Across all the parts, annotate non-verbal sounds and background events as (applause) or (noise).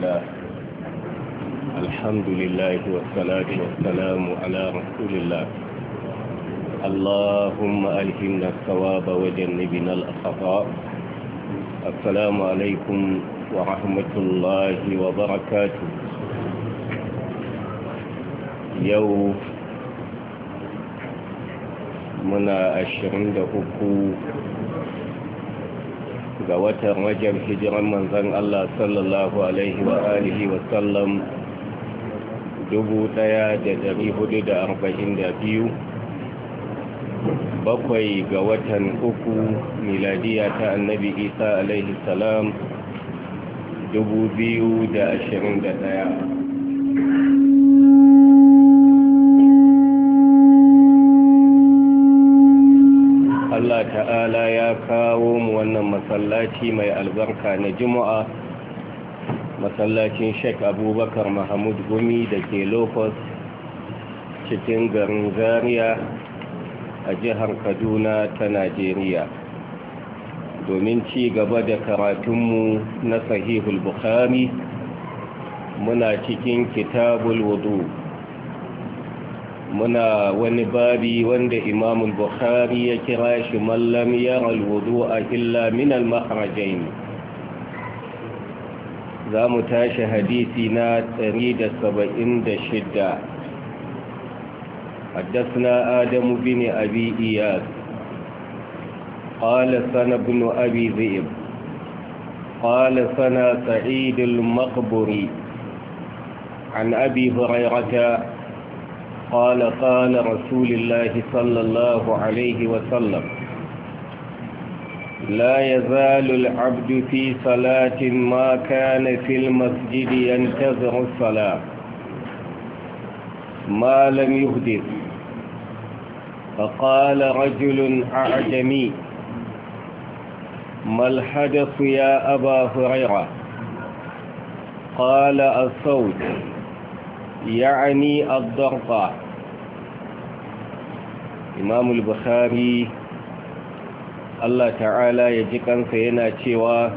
الله الحمد لله والصلاة والسلام على رسول الله اللهم ألهمنا الثواب وجنبنا الأخطاء السلام عليكم ورحمة الله وبركاته يوم منا أشرين دقوق ga watan wajen hijiran manzan Allah sallallahu alaihi wa alihi wa sallam 1442 bakwai ga watan uku miladiya ta annabi isa alaihi salam 2021 Allah ta'ala ya kawo mu wannan masallaci mai albarka na juma'a masallacin sheik abubakar mahamud gumi da ke locust cikin garin zaria a jihar kaduna ta najeriya domin ci gaba da karatunmu na sahihul bukhari muna cikin kitabul wudu muna wani babi wanda imamul bukhari ya kira shi mallam yara a illa min almahrajain za mu tashi hadisi na 176 حدثنا Adamu بن abi إياد قال سنة بن أبي ذئب قال سنة سعيد المقبري عن أبي هريرة قال قال رسول الله صلى الله عليه وسلم لا يزال العبد في صلاة ما كان في المسجد ينتظر الصلاة ما لم يهدر فقال رجل أعجمي ما الحدث يا أبا هريرة قال الصوت يعني الضرطة إمام البخاري الله تعالى يجيكا سينا شوى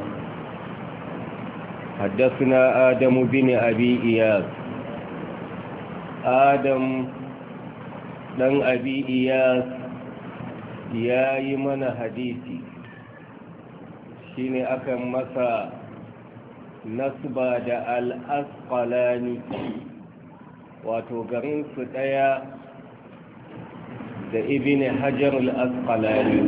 حدثنا آدم بن أبي إياس آدم بن أبي إياس يا يمن حديثي shine akan masa nasba da al-asqalani wato garin su ɗaya da ibini hajar al'asqalani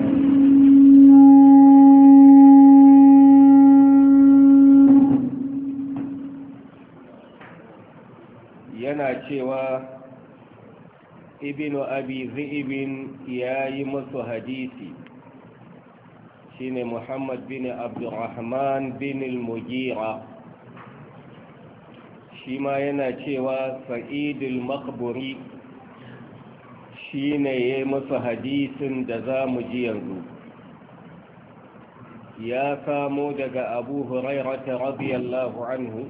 yana cewa ibinu abi zi'ibin ya yi masu hadisi shine muhammad bin abdurrahman bin al-mugira shi ma yana cewa sa'idul makburi shi ne ya masa hadisin da za mu ji yanzu ya samo daga abu ta radiyallahu anhu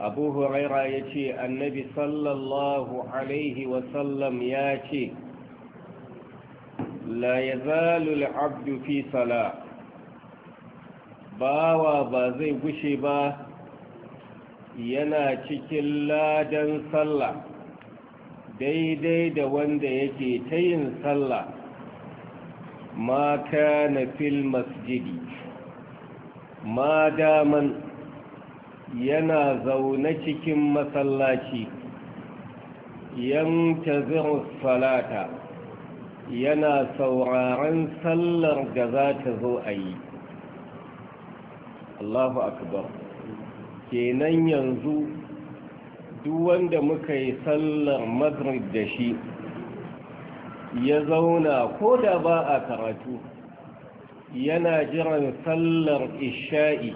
abu huraira ya ce annabi sallallahu alaihi wasallam ya ce la ya zalul abdu fi sala bawa ba zai gushe ba yana cikin ladan sallah daidai da wanda yake ta yin sallah ma kana fil masjidi ma daman yana zaune cikin masallaci yantaziru salata yana sauraron sallar da za ta zo a yi Allahu akbar kenan yanzu duk wanda muka yi sallar maghrib da shi ya zauna ko da ba a karatu yana jiran sallar isha'i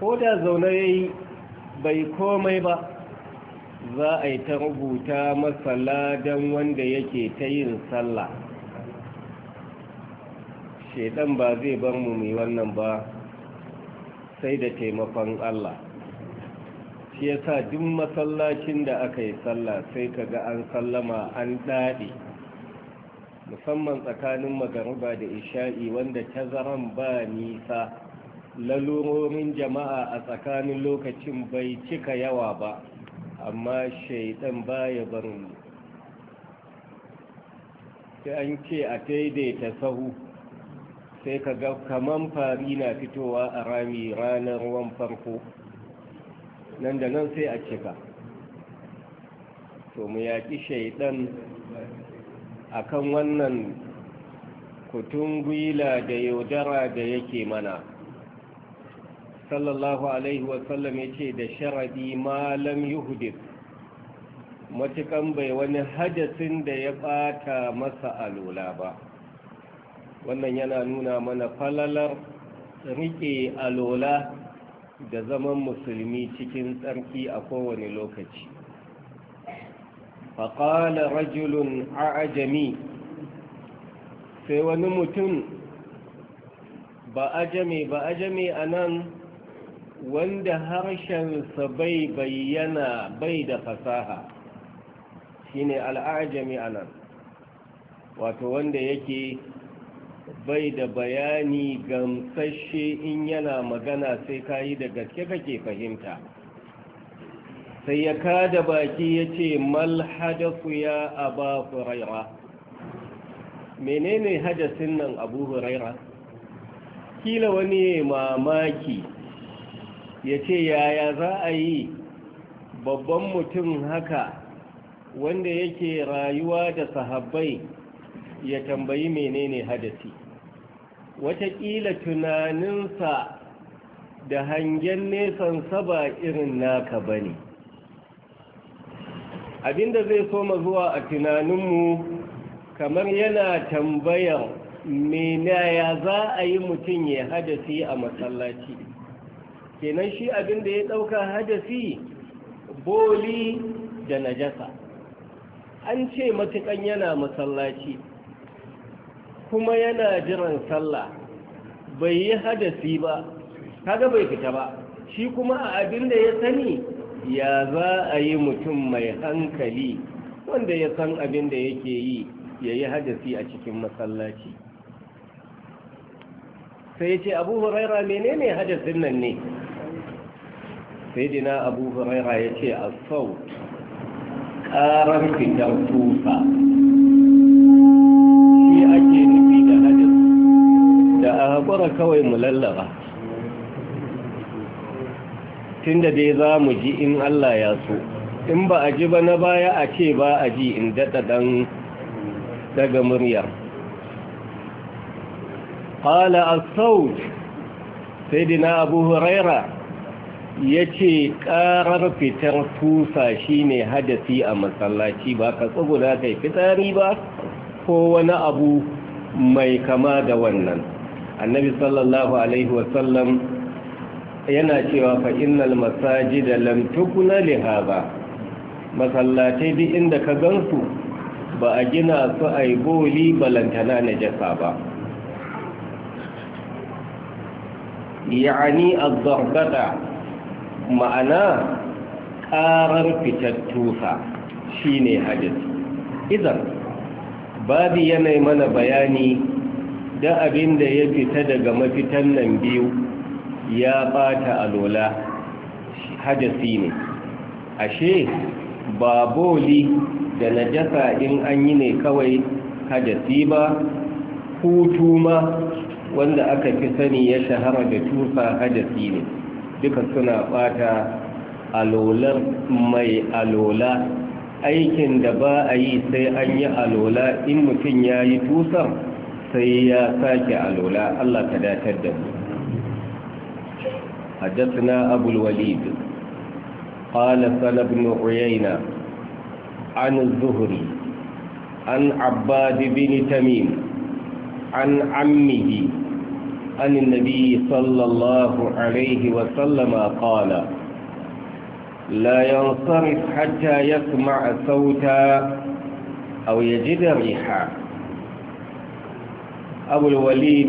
ko da zaune ya yi bai komai ba za a yi ta rubuta masala don wanda yake ta yin sallah shaidan ba zai bar mu mai wannan ba sai da taimakon Allah shi sa duk masallacin da aka yi sallah sai ka ga an sallama an daɗe musamman tsakanin magaruba da isha'i wanda tazaran ba nisa lalurorin jama'a a tsakanin lokacin bai cika yawa ba amma shaidan baya barin sai an ce a daidaita sahu sai ka ga kaman fari na fitowa a rami ranar ruwan farko nan da nan sai a cika to mu yaƙi shaidan kan wannan kutun gwila da yaudara da yake mana sallallahu alaihi wasallam ya ce da sharadi malam yuhudi matukan bai wani hadasin da ya ɓata masa alola ba wannan yana nuna mana falalar rike alola da zaman musulmi cikin tsarki a kowane lokaci faƙala rajulun a'ajami sai wani mutum ba ajame ba a nan wanda harshensa bai bayyana bai da fasaha shine al'ajami a nan wato wanda yake bai da bayani gamsashe in yana magana sai ka yi da gaske kake fahimta sai ya da baki ya ce mal hadafu ya aba huraira menene hadasin nan abu huraira kila wani mamaki ya ce yaya za a yi babban mutum haka wanda yake rayuwa da sahabbai ya tambayi menene hadasi watakila tunaninsa da hangen sa ba irin naka ba ne abinda zai soma zuwa a tunaninmu kamar yana tambayar menaya za a yi mutum ya hadasi a matsalaci kenan shi abinda ya ɗauka hadasi boli da najasa an ce matukan yana masallaci. kuma yana jiran sallah bai yi hadasi ba kaga bai fita ba shi kuma a abin da ya sani ya za a yi mutum mai hankali wanda ya san abin da yake yi ya yi hadasi a cikin masallaci sai ce abu huraira ne hadasin nan ne sai dina abu huraira ya ce a sau ƙarar fitar tufa kawai mu lallaba tunda dai za mu ji in Allah ya so in ba a ji ba na baya a ce ba a ji in daɗa ɗan daga murya ƙala a Sa'ud sai dina abu huraira ya ce ƙarar fitar tusa ne hadasi a masallaci ba ka tsuguna kai fitari ba ko wani abu mai kama da wannan annabi sallallahu alaihi wasallam yana cewa fa innal masajida lam tukuna masallatai duk inda ka gansu ba a gina su a yi boli balantana na jasa ba ya'ani azzarbada ma'ana ƙarar fitar tusa shine hadis idan babu yanayi mana bayani da abin da ya fita daga mafitan nan biyu ya bata alola hadasi ne ashe ba boli da najasa in an yi ne kawai hadasi ba hutu ma wanda aka fi sani ya shahara da tufa hadasi ne duka suna bata alolar mai alola aikin da ba a yi sai an yi alola in mutum ya yi tusar sai ya sake alola Allah ka datar da mu حدثنا أبو الوليد قال سنة بن عيينة عن الزهري عن عباد بن تميم عن عمه عن النبي صلى الله عليه وسلم قال لا ينصرف حتى يسمع صوتا أو يجد ريحا abul walid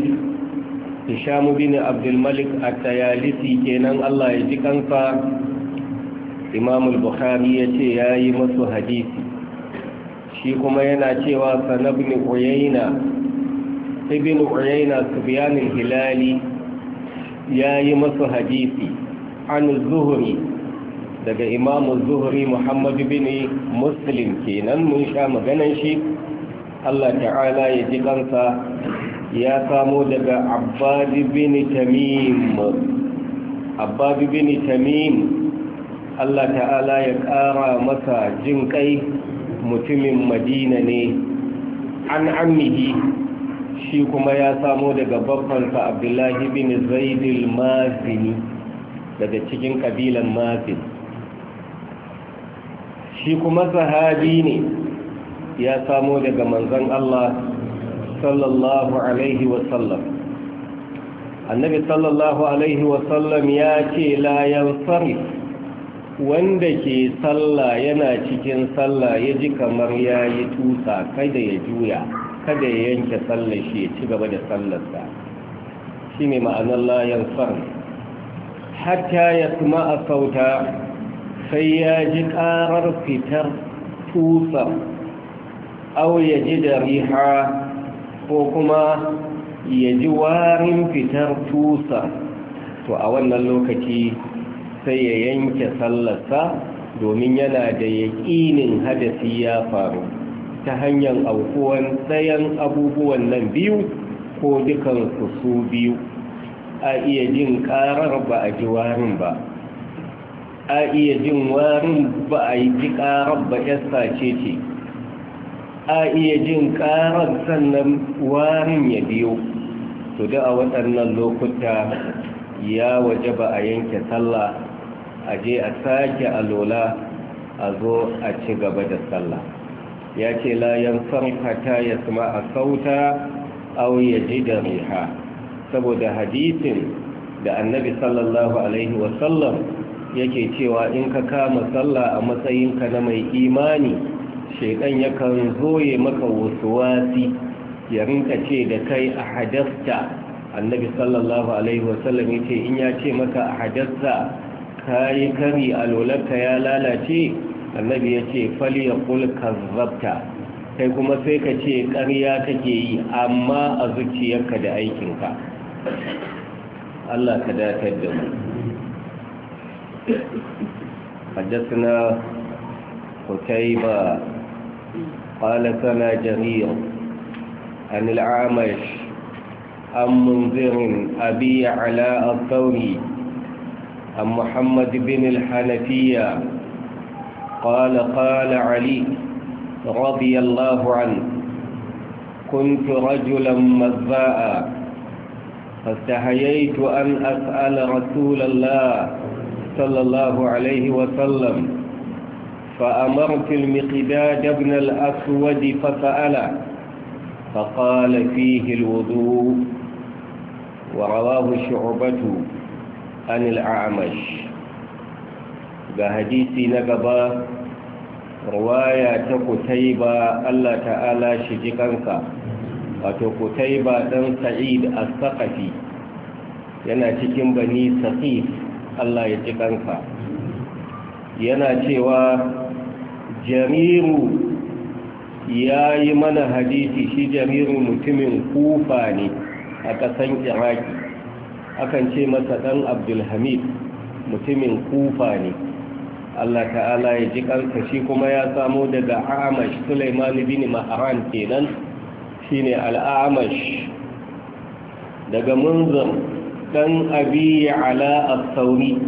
hisham bin abdulmalik a tayalisi kenan Allah ya ji kansa bukhari ya ce yace yi masu hadisi shi kuma yana cewa sanabni uyayna ibn uyayna subyan hilali hilali yayi masu hadisi an zuhri daga imam zuhri muhammad bin muslim kenan mun sha maganan shi Allah ta'ala ya ji kansa ya samo daga abbabi tamim tamim Allah ta'ala ya ƙara masa jin kai mutumin madina ne an ammihi shi kuma ya samo daga babbansa abdullahi bin zaidil mazini daga cikin ƙabilan mazin shi kuma sahabi ne ya samo daga manzon Allah sallallahu alaihi wasallam annabi sallallahu alaihi wasallam ya ce layan sarif wanda ke sallah yana cikin sallah ya ji kamar ya yi tusa kada ya juya kada ya yanke sallar shi ya ci gaba da sallarsa shi ne ma'anar layan sarif hatta ya kuma a sauta sai ya ji ƙarar fitar tusar au ya ji da riha ko kuma ya ji warin fitar tusa to a wannan lokaci sai ya yanke sallarsa domin yana da yaƙinin hadasi ya faru ta hanyar aukuwan tsayan abubuwan nan biyu ko dukansu su biyu a iya jin ƙarar ba a ji warin ba a iya jin warin ba a yi ji karar ba yasta ce ce a iya jin ƙarar sannan warin ya biyo to da a waɗannan lokuta ya waje ba a yanke sallah a je a sake alola a zo a ci gaba da sallah ya ce layan sarkata ya suma a sauta au ji da riha saboda hadisin da annabi sallallahu alaihi wasallam yake cewa in ka kama sallah a matsayinka na mai imani shaidan yakan zo ya maka wasu wasi ya rinka ce da kai a hadasta annabi sallallahu alaihi wasallam ya ce in ya ce maka a hadasta ka yi kari lolarka ya lalace annabi ya ce fali ya kulka zabta kai kuma sai ka ce ƙarya kake yi amma a zuciyarka da aikinka Allah ka datar da mu حدثنا قتيبة قال ثنا جرير عن العامش عن منذر أبي علاء الثوري عن محمد بن الحنفية قال قال علي رضي الله عنه كنت رجلا مذاء فاستحييت أن أسأل رسول الله صلى الله عليه وسلم فأمرت المقداد بن الأسود فسأله فقال فيه الوضوء ورواه شعبة عن الأعمش بحديث نقبا رواية قتيبة الله تعالى شجقنك وتقتيبة دن سعيد الثقفي yana cikin bani saqif Allah ya ji kanka yana cewa jamiru ya yi mana hadisi shi jamiru mutumin kufa ne a ƙasan iraki akan ce masa ɗan abdulhamid mutumin kufa ne Allah ta'ala ya ji ƙarka shi kuma ya samo daga amash Sulaiman bin Ma'aran kenan shine al-amash daga munzir ɗan abi ala sauri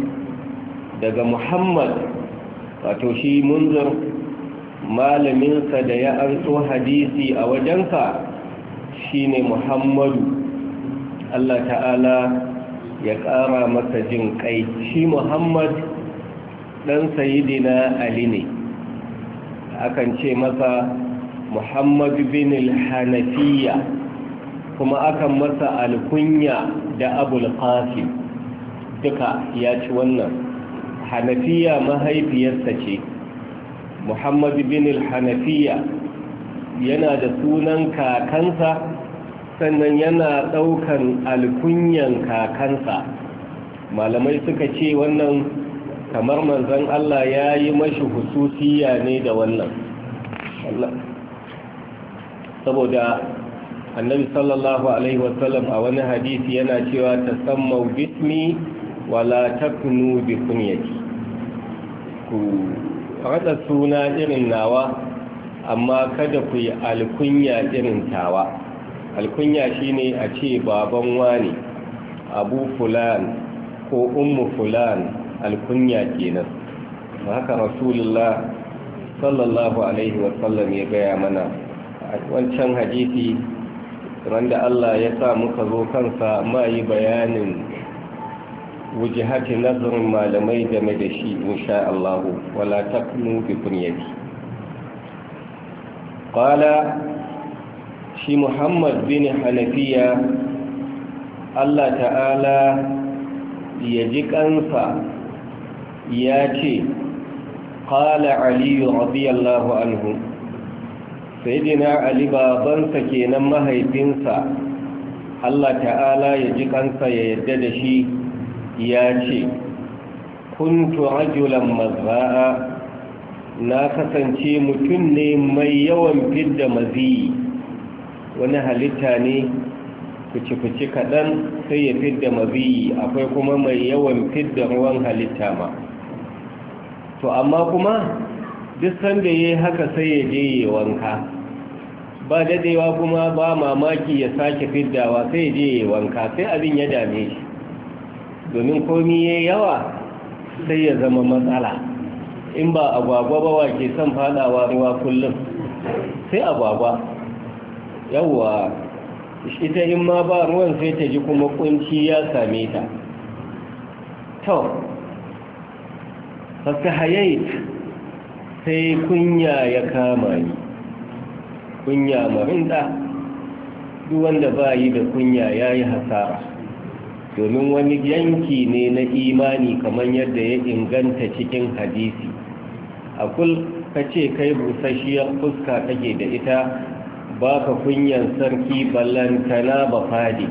daga Muhammad wato shi munzir malaminsa da ya arso hadisi a wajensa shine muhammadu Allah ta'ala ya ƙara masa jin kai shi muhammad ɗan sayidina ali ne akan ce masa muhammad bin al-hanafiya kuma akan masa alkunya da abul qasim duka ya ci wannan hanafiya mahaifiyarsa ce muhammad bin hanafiya yana da sunan kakansa sannan yana ɗaukan alkunyan kakansa malamai suka ce wannan kamar manzan Allah ya yi mashi hususiya ne da wannan saboda annabi sallallahu alaihi wasallam a wani hadisi yana cewa ta sammau bismi wala takunu bi kunyati faɗa suna irin nawa amma kada ku yi alkunya irin tawa alkunya shine a ce baban wani abu fulan ko ummu fulan alkunya kenan haka rasulullah sallallahu alaihi wasallam ya gaya mana a wancan hadisi wanda Allah ya sa muka zo kansa ma yi bayanin wujihati nazarin malamai game da shi insha Allah wala takunu bi kunyati qala shi Muhammad bin Hanafiya Allah ta'ala ya ji kansa ya ce qala Aliyu radiyallahu anhu sayyidina Ali babansa kenan mahaifinsa Allah ta'ala ya ji kansa ya yarda da shi ya ce kuntu rajulan mazra'a na kasance mutum ne mai yawan fidda mazi wani halitta ne kuci-kuci kaɗan sai ya fidda maziyi akwai kuma mai yawan fidda ruwan halitta ma to amma kuma duk sanda ya haka sai ya je ya wanka ba dadewa kuma ba mamaki ya sake fiddawa sai ya je ya wanka sai abin ya dame shi domin komi ya yawa sai ya zama matsala in ba agwagwa ba wa ke son fadawa ruwa kullum sai agwagwa yawwa ita in ma ba ruwan sai ta ji kuma kunci ya same ta to fasta hayait sai kunya ya kama ni kunya marinda duk wanda ba yi da kunya ya yi hasara domin wani yanki ne na imani kamar yadda ya inganta cikin hadisi a kul ka ce kai busasshiyar fuska kake da ita baka ka kunyan sarki ballantana ba fadi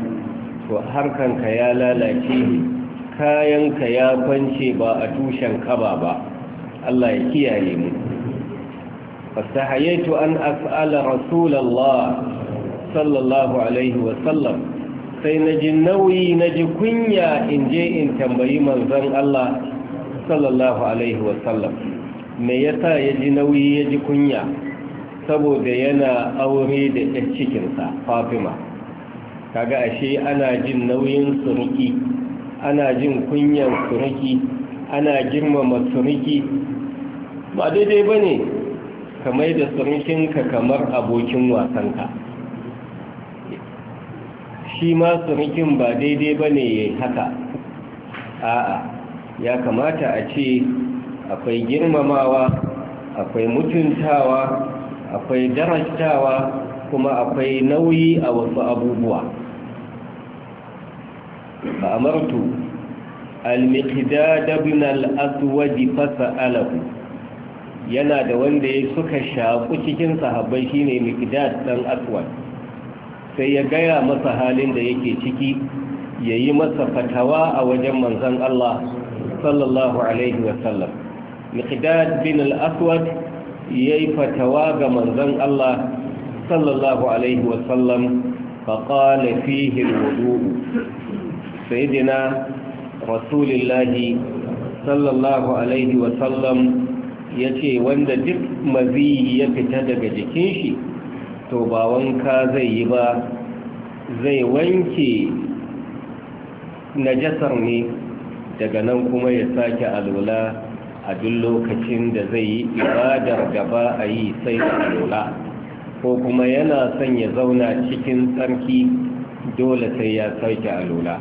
to harkanka ya lalace kayanka ya kwance ba a tushen kaba ba Allah ya kiyaye mu fastahayaitu an as'ala rasulallah sallallahu alaihi wasallam sai na ji nauyi na ji kunya in je in tambayi manzan Allah sallallahu alaihi wasallam me yasa ya ji nauyi ya ji kunya saboda yana aure da ɗan cikinsa fafima kaga ashe ana jin nauyin suruki ana jin kunyan suruki ana girmama suruki ba daidai ba ne kamar da surukinka kamar abokin wasanka shi ma surukin ba daidai ba ne ya haka a'a ya kamata a ce akwai girmamawa akwai mutuntawa akwai darastawa kuma akwai nauyi a wasu abubuwa ba amartu al-miqdad ibn al fasa yana da wanda ya suka shaƙu cikin sahabbai shine mikida dan aswad sai ya gaya masa halin da yake ciki ya yi masa fatawa a wajen manzan Allah sallallahu Alaihi wasallam miqdad bin al-aswad ya yi fatawa ga manzan Allah sallallahu Alaihi wasallam faƙala fihin wudu dina rasulillahi sallallahu Alaihi wasallam ya ce wanda duk mazi ya fita daga jikin shi to ba wanka zai yi ba zai wanke najasar ne daga nan kuma ya sake alola a duk lokacin da zai yi ibadar da ba a yi sai da alola ko kuma yana son ya zauna cikin tsarki dole sai ya sake alola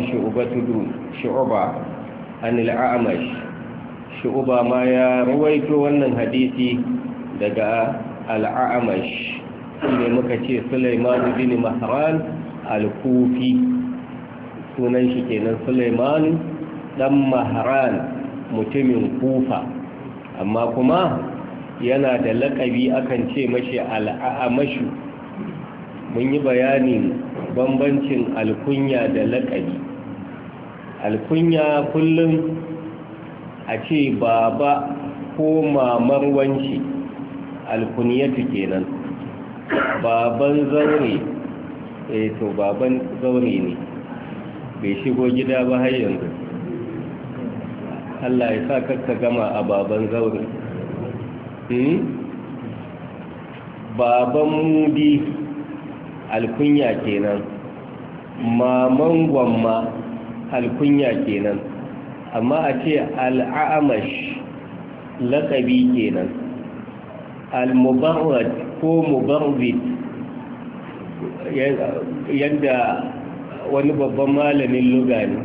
tudu shi'uba شعبة amash shi'uba ma ya ruwaito wannan hadisi daga. al'amash ne muka ce Sulaiman bin Mahran al-Kufi sunan shi kenan Sulaiman dan Mahran mutumin Kufa amma kuma yana da lakabi akan ce mashi al'amashu mun yi bayanin bambancin alkunya da lakabi alkunya kullum a ce baba ko mamar wanci alkuniyatu kenan baban zaure eh to baban zaure ne bai shigo gida ba har yanzu Allah ya sa kakka gama a baban zaure hmm? baban mudi alkunya kenan maman gwamma alkunya kenan amma a ce al'amash laƙabi kenan al-mubarrad ko mubarrid yadda wani babban malamin lugani,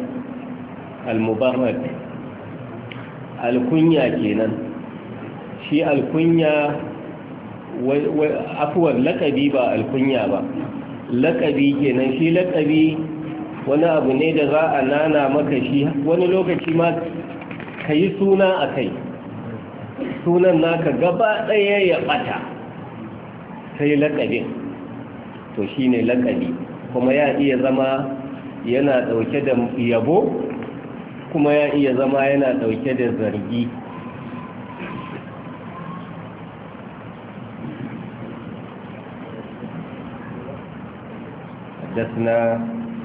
al-mubarrad al-kunya kenan shi al-kunya lakabi ba al-kunya ba lakabi kenan shi lakabi wani abu ne da za a nana maka shi wani lokaci ma ka yi suna a kai sunan naka gaba ɗaya ya ɓata sai laƙabin to shi ne laƙabi kuma ya iya zama yana ɗauke da yabo kuma ya iya zama yana ɗauke da zargi حدثنا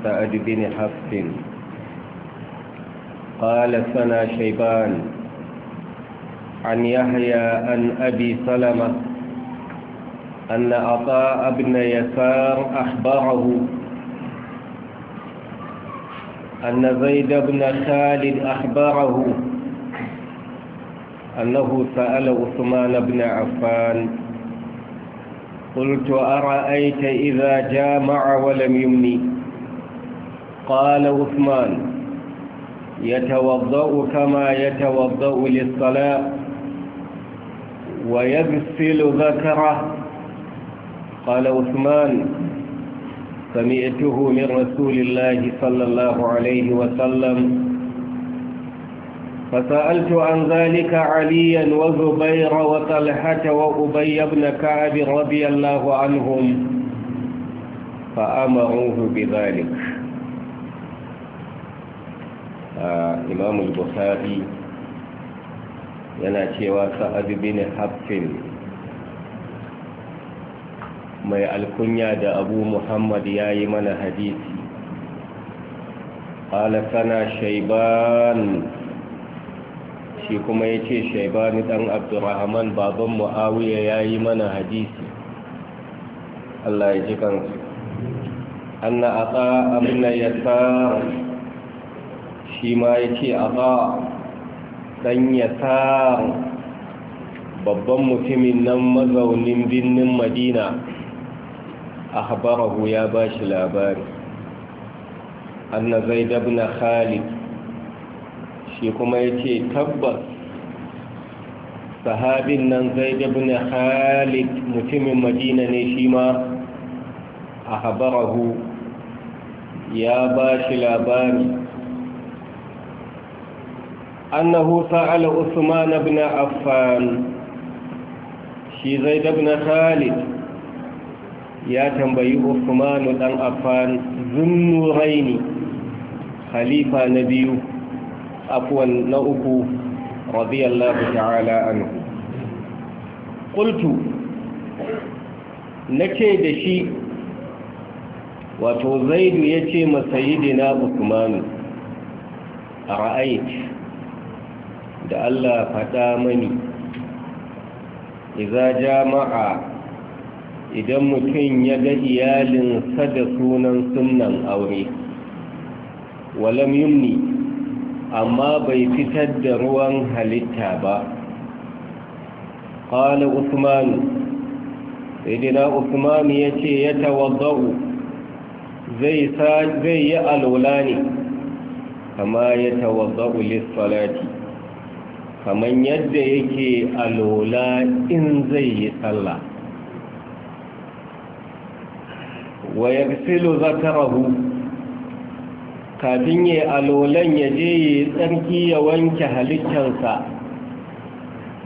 سعد بن حفص قال سنا شيبان عن يحيى عن أبي سلمة أن عطاء بن يسار أخبره أن زيد بن خالد أخبره أنه سأل عثمان بن عفان قلت أرأيت إذا جامع ولم يمني قال عثمان يتوضأ كما يتوضأ للصلاة ويغسل ذكره قال عثمان سمعته من رسول الله صلى الله عليه وسلم فسألت عن ذلك عليا وزبير وطلحة وأبي بن كعب رضي الله عنهم فأمروه بذلك آه إمام البخاري yana cewa sa'ad bin haffin mai alkunya da abu muhammad ya yi mana hadisi ƙala kana shaiban shi kuma ya ce shaibani ɗan abdurrahman baban mu'awiya ya yi mana hadisi allah ya ji kansu an na aka abin na yasa shi ma ya ce aƙa ɗan yasar babban mutumin nan mazaunin birnin madina a habarahu ya ba shi labari anna zai dabna khalid shi kuma ya ce tabbas sahabin nan zai dabna khalid mutumin madina ne shi ma a habarahu ya ba shi labari أنه سأل عثمان بن عفان شي زيد بن خالد يا تنبي عثمان بن عفان ذنورين خليفة نبي عفوا نؤك رضي الله تعالى عنه قلت نكي دشي وتو زيد يتي مسيدنا عثمان أرأيت da Allah faɗa mani iza jama'a idan mutum ya ga iyalinsa da sunan sunan aure walam yumni amma bai fitar da ruwan halitta ba ƙala usmanu idina usmanu ya ce ya tawazza'u zai yi al'ula ne kama ya tawaza'u lissalati kamar yadda yake alola in zai yi sallah wa ya zakarahu kafin ya alolan ya je ya tsarki ya wanke halittarsa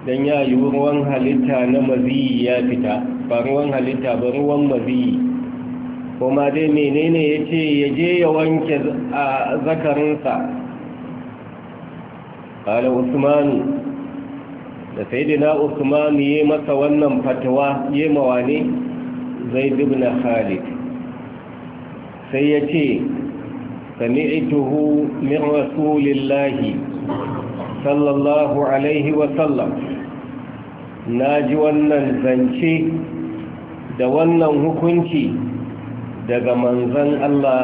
don ya yi ruwan halitta na maziyi ya fita ba ruwan halitta ba ruwan maziyi kuma dai menene ya ce ya je ya wanke zakarinsa da عثمان سيدنا عثمان masa wannan fatawa yema wane zaid ibn khalid sai ya ce yace sami'tuhu min rasulillahi sallallahu alaihi wa sallam ji wannan zance da wannan hukunci daga manzan Allah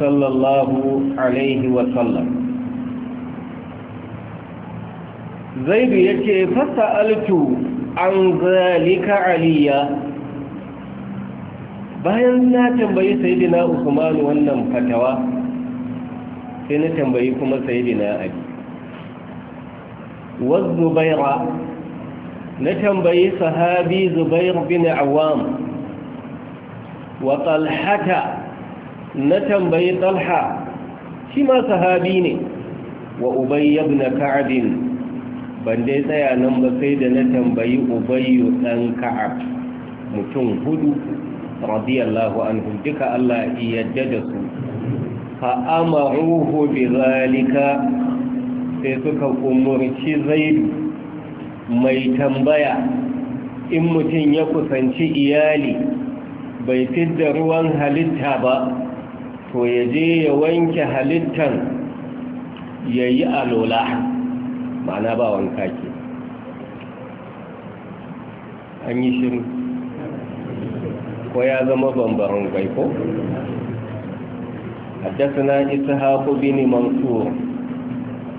sallallahu alaihi wa sallam zaidu ya ce fasa altu an zalika aliyya bayan na tambayi sayidina usman wannan fatawa sai na tambayi kuma sayidina ali wazubaira na tambayi sahabi zubair bin awam wa talhata na tambayi talha shi ma sahabi ne wa ubayy ibn ka'b ban dai tsaya nan ba sai da na tambayi ubayyu ɗan ka'a mutum hudu radiyallahu anhu duka Allah yadda da su fa'amaruhu bi zalika sai suka umurci zaidu mai tambaya in mutum ya kusanci iyali bai fidda ruwan halitta ba to ya je ya wanke halittan ya yi alola ma'ana ba wanka ke an yi shiru ko ya zama bambaron gaiko haddasa na isa haku bini mansur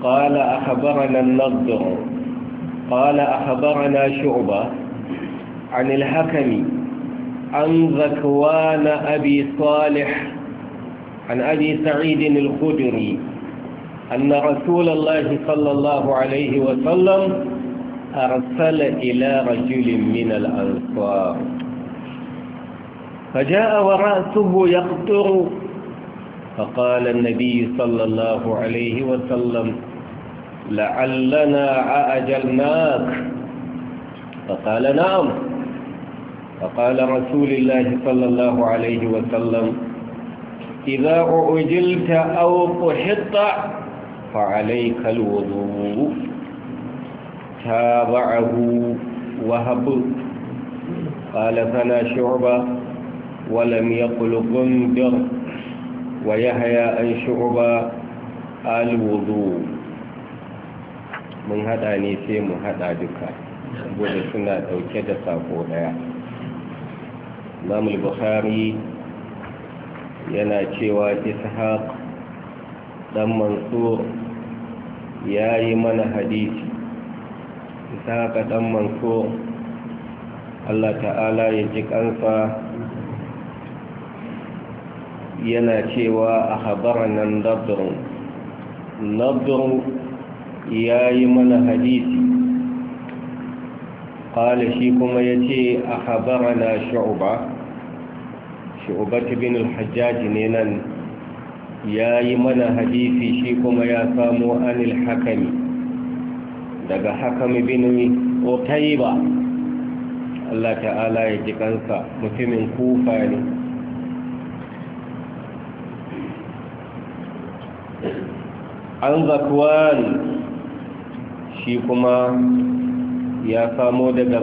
ƙala a habara nan nazdun ƙala a habara na shuɓa an ilhakami an zakawa na abi salih an abi sa'idin al أن رسول الله صلى الله عليه وسلم أرسل إلى رجل من الأنصار فجاء ورأسه يقطر فقال النبي صلى الله عليه وسلم لعلنا أأجلناك فقال نعم فقال رسول الله صلى الله عليه وسلم إذا أعجلت أو قحط فعليك الوضوء تابعه وهب قال فلا شعبة ولم يقل غندر ويهيى أن شعبة الوضوء من هذا نيسي من هذا دكا saboda suna dauke da sako daya imam bukhari yana cewa ishaq dan ya yi mana hadisi isa ka ɗan manso Allah ta'ala ya ji ƙansa yana cewa a habara nan dabdurun dabdurun ya yi mana hadisi ƙala shi kuma ya ce a habara na shu'uba shu'uba ta bin hajjaji ne nan ya yi mana hadisi shi kuma ya samo anil hakami daga hakami bin otaiba Allah ta'ala ya ji kansa mutumin kufa ne an zakuwan shi kuma ya samo daga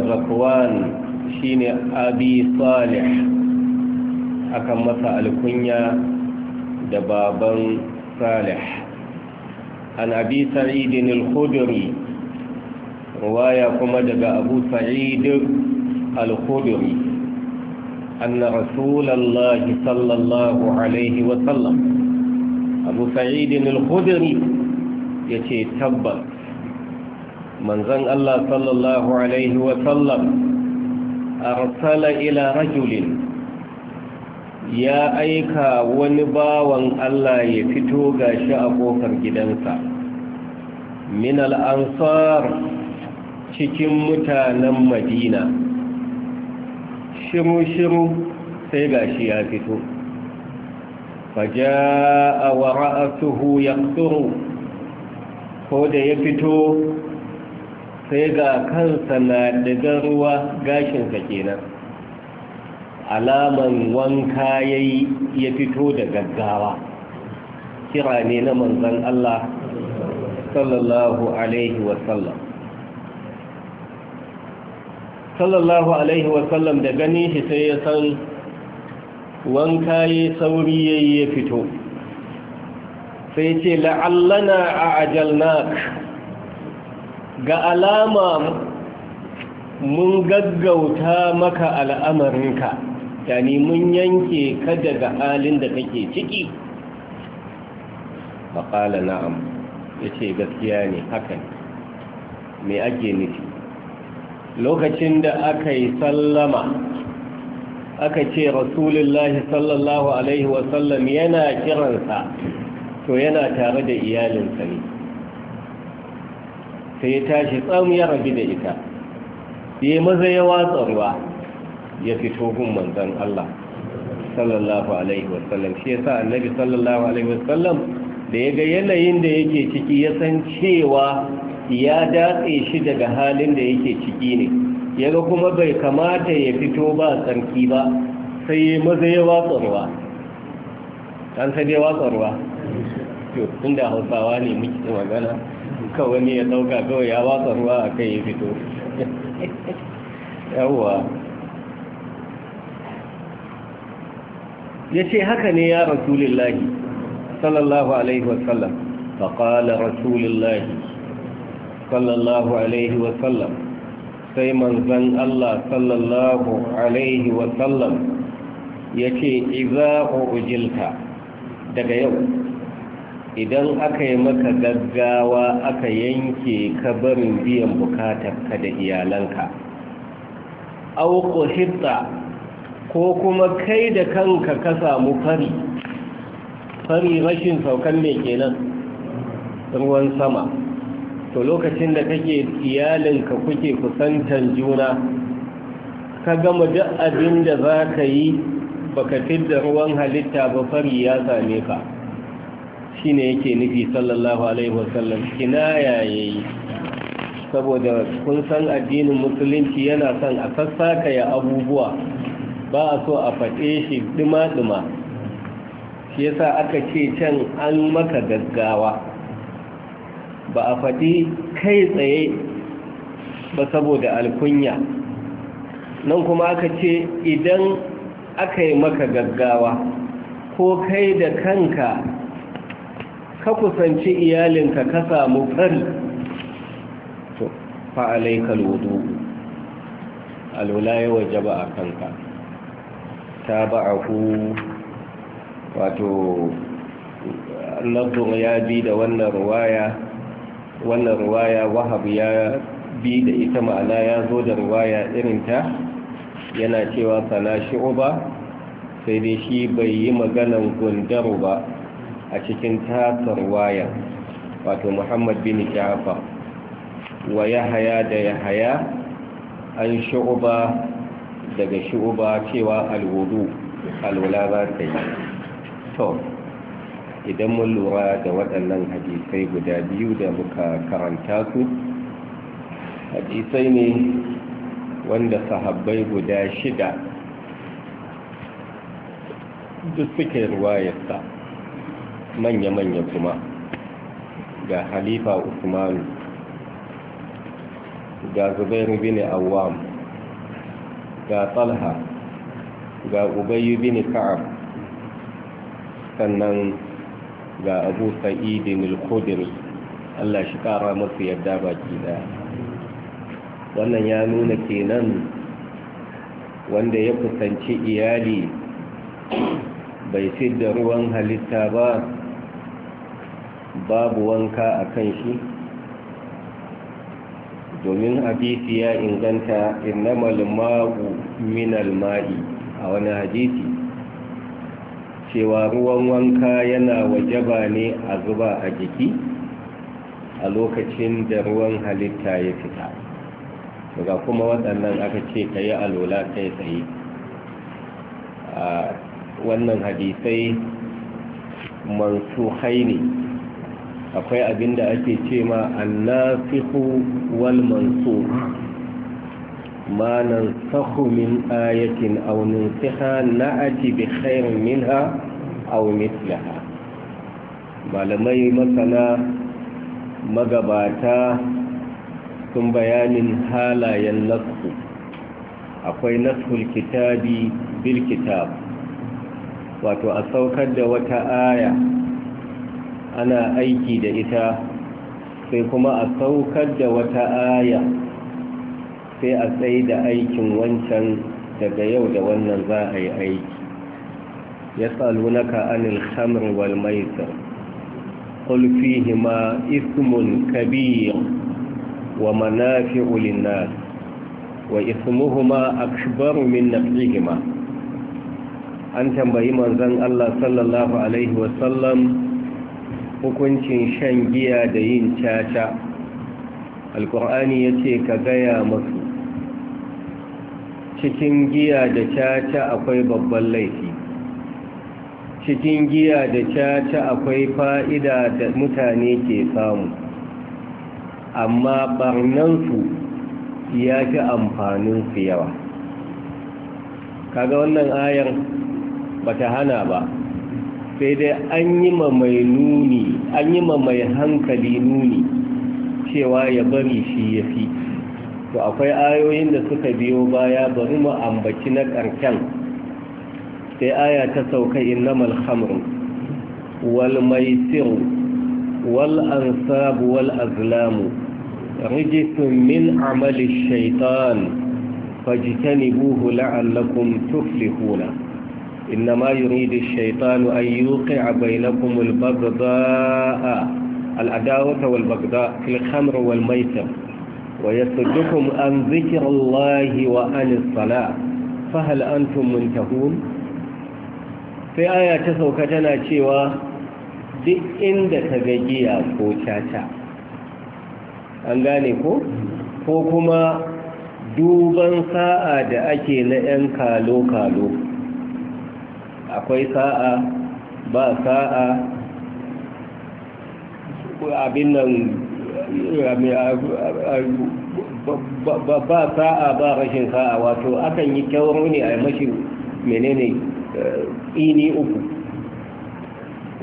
shi shine abi salih akan masa alkunya da baban salih an abi sa'idin al-khudri riwaya kuma daga abu sa'id al-khudri anna rasulullah sallallahu alaihi wa sallam abu sa'idin al-khudri yace tabbas manzon Allah sallallahu alaihi wa sallam arsala ila rajulin ya aika wani bawan Allah ya fito gashi a kofar gidansa min al'ansar cikin mutanen madina shiru-shiru sai ga shi ya fito faja a wara wara'atuhu ya tsoro. ko da ya fito sai ga kansa na daga ruwa gashinsa kenan alaman wanka ya yi ya fito da gaggawa kira ne na manzan Allah sallallahu alaihi wasallam sallallahu alaihi wasallam da gani shi sai ya san wanka ya sauri yayi ya fito sai ce la'allana a ga alama mun gaggauta maka al'amarinka da ni mun yanke ka daga halin da kake ciki faƙala na'am ya ce gaskiya ne hakan me ake nufi lokacin da aka yi sallama aka ce rasulullahi sallallahu alaihi wasallam yana kiransa to yana tare da iyalinsa ne sai ya tashi tsamiyar ya rabi da ita ya maza ya watsa ruwa ya fito gun manzan Allah sallallahu alaihi wasallam shi yasa annabi sallallahu alaihi wasallam da ya ga yanayin da yake ciki ya san cewa ya datse shi daga halin da yake ciki ne ya ga kuma bai kamata ya fito ba tsarki ba sai ya maza ya watsa ruwa an sai dai watsa ruwa inda hausawa ne muke magana kawai ne ya dauka kawai ya watsa ruwa a kai ya fito (laughs) yawwa ya ce haka ne ya rasulillahi sallallahu alaihi wasallam faƙala rasulillahi sallallahu alaihi wasallam sai manzan Allah sallallahu alaihi wasallam ya ce iza ujilta daga yau idan aka yi maka gaggawa aka yanke ka barin biyan ka da iyalanka auku hitta ko kuma kai da kanka ka samu fari fari rashin saukan mai kenan ruwan sama to lokacin da kake iyalinka kuke kusantan juna ka gama duk abin da za ka yi baka fidda ruwan halitta ba fari ya same ka shi ne yake nufi sallallahu alaihi wasallam kina saboda kun san addinin musulunci yana son a sassaka ya abubuwa ba a so a faɗe shi ɗima-ɗima shi yasa aka ce can an maka gaggawa ba a faɗi kai tsaye ba saboda alkunya nan kuma aka ce idan aka yi maka gaggawa ko kai da kanka ka kusanci iyalinka ka samu fari fa'alai kalwudu alwula alwala ya waje ba a kanka tabi'ahu wato lafzun ya bi da wannan ruwaya wannan ruwaya wahab ya bi da ita ma'ana ya zo da ruwaya irinta yana cewa sana ba, sai dai shi bai yi maganan gundaru ba a cikin tasar ruwaya wato muhammad bin ja'far wa yahaya da yahaya an shi'uba daga Uba cewa alwudu alwala ba ta yi to idan mun lura da waɗannan hadisai guda biyu da muka karanta su hadisai ne wanda sahabbai guda shida duk suke ruwayarsa manya-manya kuma ga halifa usmanu ga zubairu bin awam ga talha ga ubayyu bin ka'ab sannan ga abu sa'idin al-khudri Allah shi kara masu yadda baki da wannan ya nuna kenan wanda ya kusanci iyali bai da ruwan halitta ba babu wanka a kan shi domin hadisi ya inganta innamal ma'u minal ma'i a wani hadisi cewa ruwan wanka yana wajaba ne a zuba a jiki a lokacin da ruwan halitta ya fita daga kuma waɗannan aka ce ka yi alola kai tsaye a wannan hadisai mansuhai ne akwai abin da ake ce ma annasihu wal mansur ma nansakhu min ayatin siha na na'ati bi khairin minha aunin siha. malamai masana magabata sun bayanin halayen nasku akwai naskul kitabi bil kitab wato a saukar da wata aya ana aiki da ita sai kuma a saukar da wata aya sai a tsaye da aikin wancan daga yau da wannan za a yi aiki ya tsalunaka anil khamr wal maisir qul fihima ismun kabir wa manafi'u lin wa ismuhuma akbaru min naf'ihima an tambayi manzon Allah sallallahu alaihi Wasallam. hukuncin shan giya da yin caca alkur'ani ya ce ka gaya masu cikin giya da caca akwai babban laifi cikin giya da caca akwai fa'ida da mutane ke samu amma barnansu ya fi amfaninsu yawa kaga wannan ayar ba ta hana ba sai dai an yi ma mai nuni an yi ma mai hankali nuni cewa ya bari shi ya fi to akwai ayoyin da suka biyo baya bari mu ambaci na ƙarshen sai aya ta sauka innamal khamru wal maisir wal ansab wal azlam rijsun min amali shaitan fajtanibuhu la'allakum tuflihuna إنما يريد الشيطان أن يوقع بينكم البغضاء العداوة والبغضاء في الخمر والميسر ويصدكم عن ذكر الله وعن الصلاة فهل أنتم منتهون في آية تسوكتنا تشيوا duk inda ka gajiya ko caca an gane ko ko kuma duban sa'a da ake na 'yan kalo-kalo akwai sa'a ba sa'a abin nan ba sa'a ba rashin sa'a wato akan yi kyawar ne a mashi menene eh, ini uku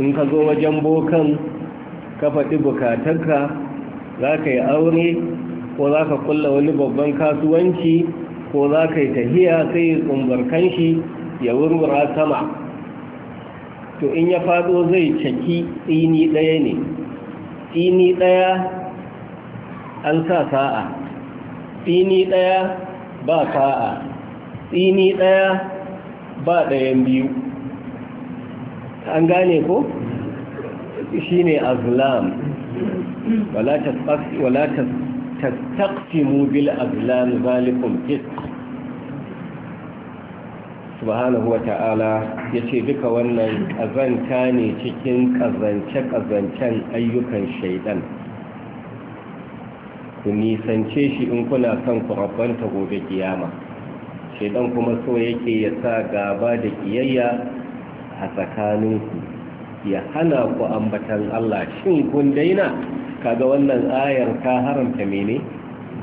in ka zo wajen bokan ka faɗi bukatarka za ka yi aure ko za ka kulla wani babban kasuwanci ko za ka yi tahiya sai tsumbarkan shi ya wurwura sama to in ya fado zai caki tsini ɗaya ne tsini ɗaya an sa sa'a tsini ɗaya ba sa'a tsini ɗaya ba ɗayan biyu an gane ko? shi ne azlam wala ta mu bil azlam zalikun fisk subhanahu ta'ala ya ce duka wannan ƙazanta ne cikin ƙazance kazancen ayyukan shaidan ku nisance shi in kuna son ku ta gobe kiyama shaidan kuma so yake ya sa gaba da kiyayya a tsakaninku ya hana ku ambatan Allah shin kun daina kaga wannan ayar ka haramta mene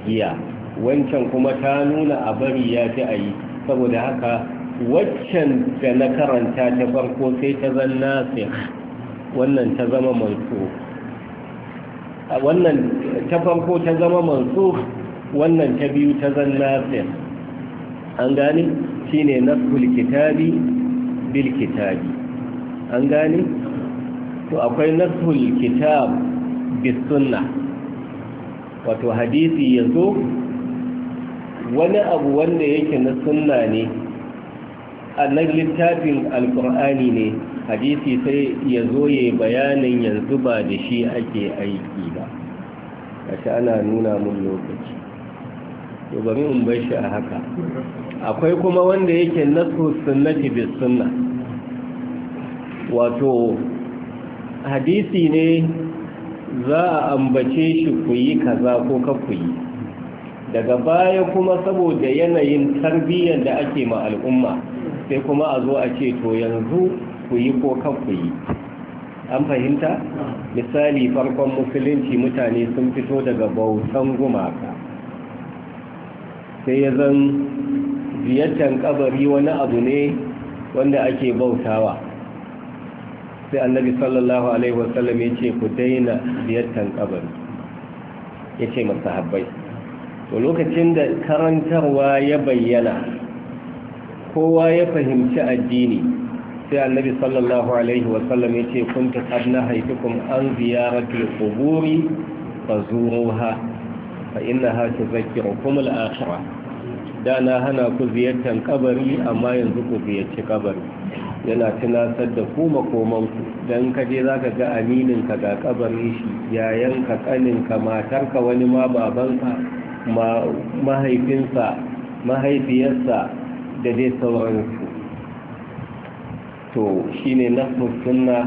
giya wancan kuma ta nuna a bari ya fi a yi saboda haka waccan da na karanta ta farko sai ta zan nasir wannan ta zama manso wannan ta farko ta zama manso wannan ta biyu ta zan nasir an gane shi ne nasul kitabi bil kitabi an gane to akwai nasul kitab bisunna. wato hadisi yazo wani abu wanda yake na sunna ne annan littafin alkur'ani ne hadisi sai ya zo ya bayanin yanzu ba da shi ake aiki ba kashi ana nuna mun lokaci to bari in bai shi a haka akwai kuma wanda yake nasu sunnati bis sunna wato hadisi ne za a ambace shi ku yi kaza ko ka ku yi daga baya kuma saboda yanayin tarbiyyar da ake ma al'umma sai kuma a zo a ce to yanzu ku yi ko kan ku yi an fahimta misali farkon musulunci mutane sun fito daga bautan gumaka sai ya zan ziyartar kabari wani abu ne wanda ake bautawa sai annabi sallallahu alaihi wasallam ya ce ku daina ziyartar kabari ya ce masahabbai to lokacin da karantarwa ya bayyana kowa ya fahimci addini sai annabi sallallahu alaihi wasallam ya ce kun ta tsabna haifikun an ziyaratul kuburi fa zuruha fa inna ha ta kuma al'ashira da na hana ku ziyartar kabari amma yanzu ku ziyarci kabari yana tunasar da ku. komanku don je za ka ga amininka ga kabari shi yayanka kaninka matarka wani ma babanka mahaifinsa mahaifiyarsa da dai sauransu to shine nasu sunna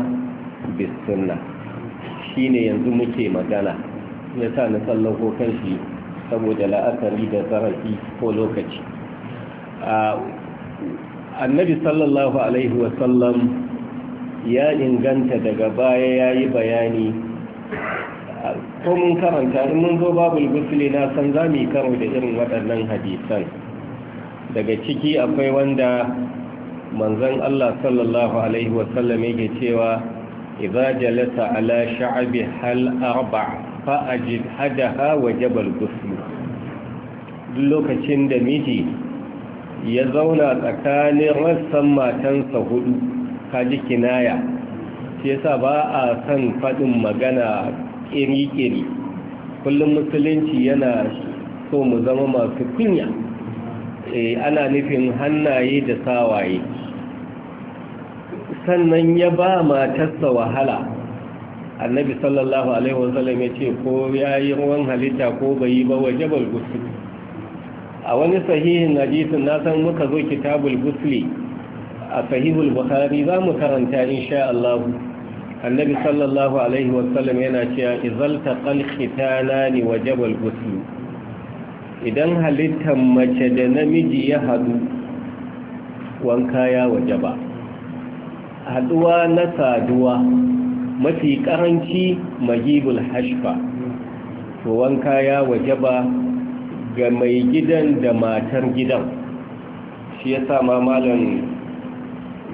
bis sunna shine yanzu muke magana ya sa na tsallako kan shi saboda la'akari da zarafi ko lokaci annabi sallallahu alaihi wasallam ya inganta daga baya ya yi bayani ko mun karanta in mun zo babu gusule na san za mu yi karo da irin waɗannan hadisan daga ciki akwai wanda manzon Allah sallallahu alaihi wasallam yake cewa idza jalasa ala sha'bi hal arba fa ajid hadaha wa jabal duk lokacin da miji ya zauna tsakanin rassan matansa hudu kaji kinaya shi yasa ba a san faɗin magana ƙiri-ƙiri kullum musulunci yana so mu zama masu kunya Eh, ana nufin hannaye da sawaye sannan ya ba matarsa wahala annabi sallallahu alaihi wasallam ya ce ko ya yi ruwan halitta ko bai yi ba wajabar gusul a wani sahihin hadisin na san muka zo kitabul gusli a sahihul bukhari za mu karanta insha Allah annabi sallallahu alaihi wasallam yana cewa izalta qalqitana ni wajabal gusli idan halittar mace da namiji ya haɗu, wanka ya waje ba haduwa na saduwa mafi ƙaranci, magibul hashfa to wanka ya waje ba ga mai gidan da matar gidan shi ya sa ma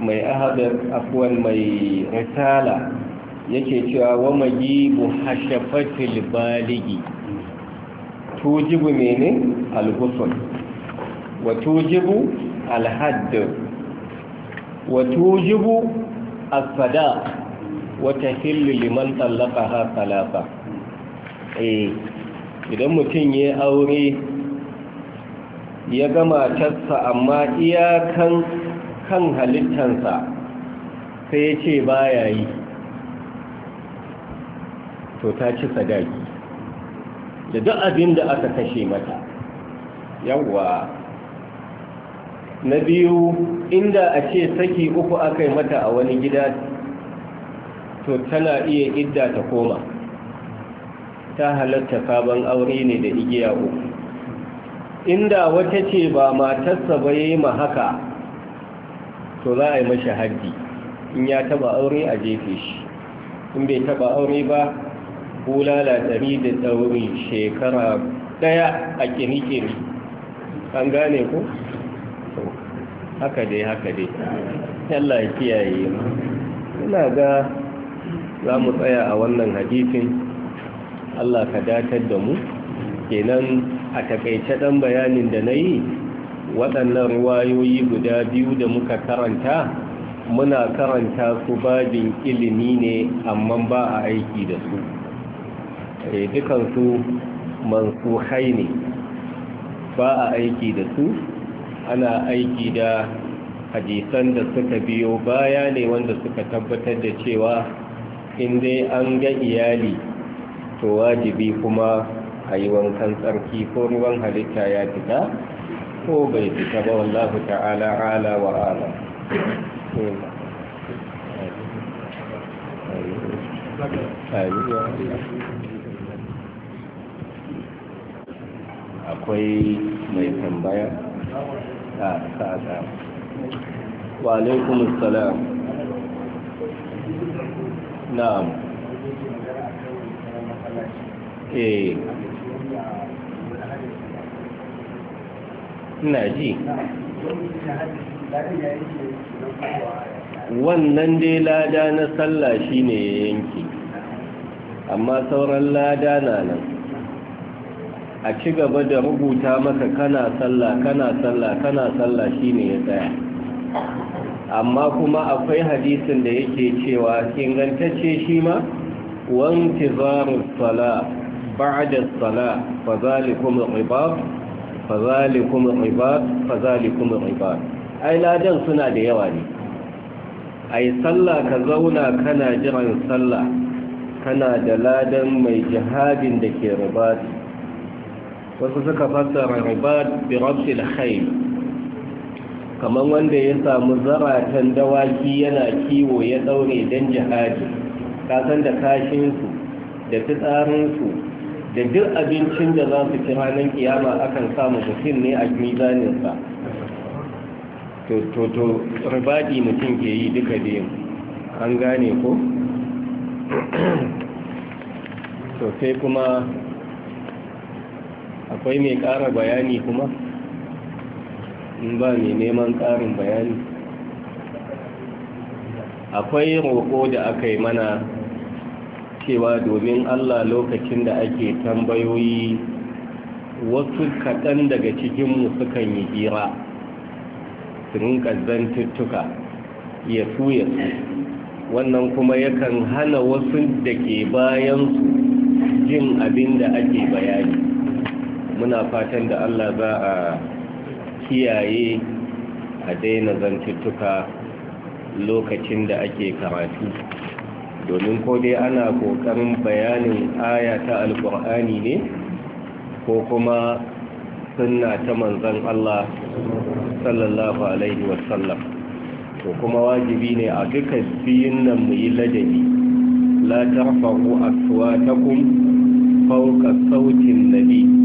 mai ahadar afuwan mai risala yake cewa wa magibu hashafatil baligi tujibu mene al wa tujibu al wa tujibu as wa tahillu liman talaqaha talaka eh idan mutum ya aure ya gama tassa amma iyakan kan halittansa sai ya ce baya yi to ta ci sadaki da duk abin da aka kashe mata yawwa na biyu inda a ce saki uku aka mata a wani gida to tana iya idda ta koma ta halatta sabon aure ne da igiya uku inda wata ce ba matarsa ba yi ma haka to za a yi mashi haddi in ya taba aure a jefe shi in bai taba aure ba bulala ɗari da tsauri shekara ɗaya a kirikiri an gane ku? haka dai haka dai yalla kiyaye mu ina ga za mu tsaya a wannan hadisin Allah ka datar da mu kenan a takaice ɗan bayanin da nayi waɗannan ruwayoyi guda biyu da muka karanta muna karanta su babin ilimi ne amma ba a aiki da su e dukansu mansuhai ne ba a aiki da su ana aiki da hadisan da suka biyo baya ne wanda suka tabbatar da cewa in dai an ga iyali to wajibi kuma a yi wankan tsarki ko ruwan halitta ya fita ko bai fita ba wallahu ta'ala ala wa ala Thank you. akwai mai tambaya a sa'ada wa alaikum assalam na'am eh na ji wannan dai lada na sallah shine ya yanki amma sauran lada na nan a ci gaba da rubuta maka kana sallah kana sallah kana sallah shine ya tsaya amma kuma akwai hadisin da yake cewa ingantacce shi ma wantizaru sala ba'da sala fa zalikum ribab fa zalikum ribab fa zalikum ai ladan suna da yawa ne ai sallah ka zauna kana jiran sallah kana da ladan mai jihadin da ke ribati wasu suka fassara rubat bi rabbil khayl kaman wanda ya samu zaratan dawaki yana kiwo ya daure dan jihadi kasan da kashin su da fitsarin su da duk abincin da za su kira nan kiyama akan samu mutum ne a mizanin sa to to to mutum ke yi duka yin an gane ko (clears throat) to kuma akwai mai ƙara bayani kuma in ba mai neman ƙarin bayani akwai roƙo da aka yi mana cewa domin allah lokacin da ake tambayoyi wasu kaɗan daga cikinmu sukan yi hira su rinka zantuttuka ya su ya su wannan kuma yakan hana wasu da ke bayansu jin abin da ake bayani muna fatan da Allah za a kiyaye a daina zantuttuka lokacin da ake karatu domin ko dai ana kokarin bayanin aya ta alkur'ani ne ko kuma sunna ta manzon Allah sallallahu alaihi wasallam ko kuma wajibi ne a duka biyun nan mu yi ladabi la tarfa'u aswatakum fawqa sautin nabi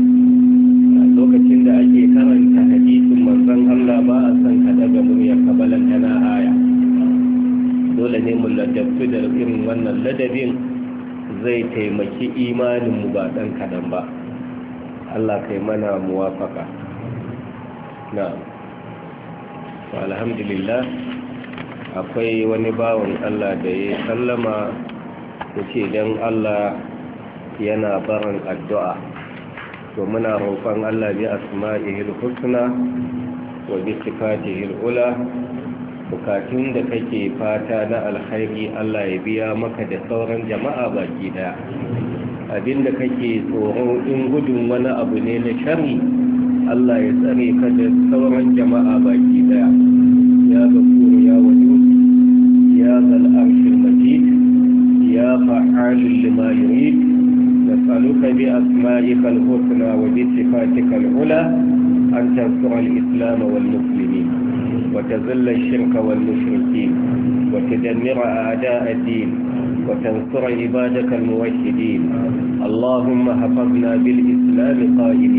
taimaki imaninmu ba ɗan kaɗan ba Allah kai mana muwafaka na alhamdulillah akwai wani bawan Allah da ya sallama ya ce don Allah yana barin addu'a to muna roƙon Allah bi asma'ihil husna wa bi sifatihil ula bukatun da kake fata na alkhairi Allah ya biya maka da sauran jama'a baki daya abinda kake tsoro in gudun wani abu ne na shari Allah ya tsare ka da sauran jama'a baki daya ya gafuru ya wadud ya zal arshil ya fa'alul lima da nas'aluka bi asma'ikal husna wa bi sifatikal ula an tansura al-islam wal muslimin وتذل الشرك والمشركين وتدمر أعداء الدين وتنصر عبادك الموحدين اللهم حفظنا بالإسلام قائمين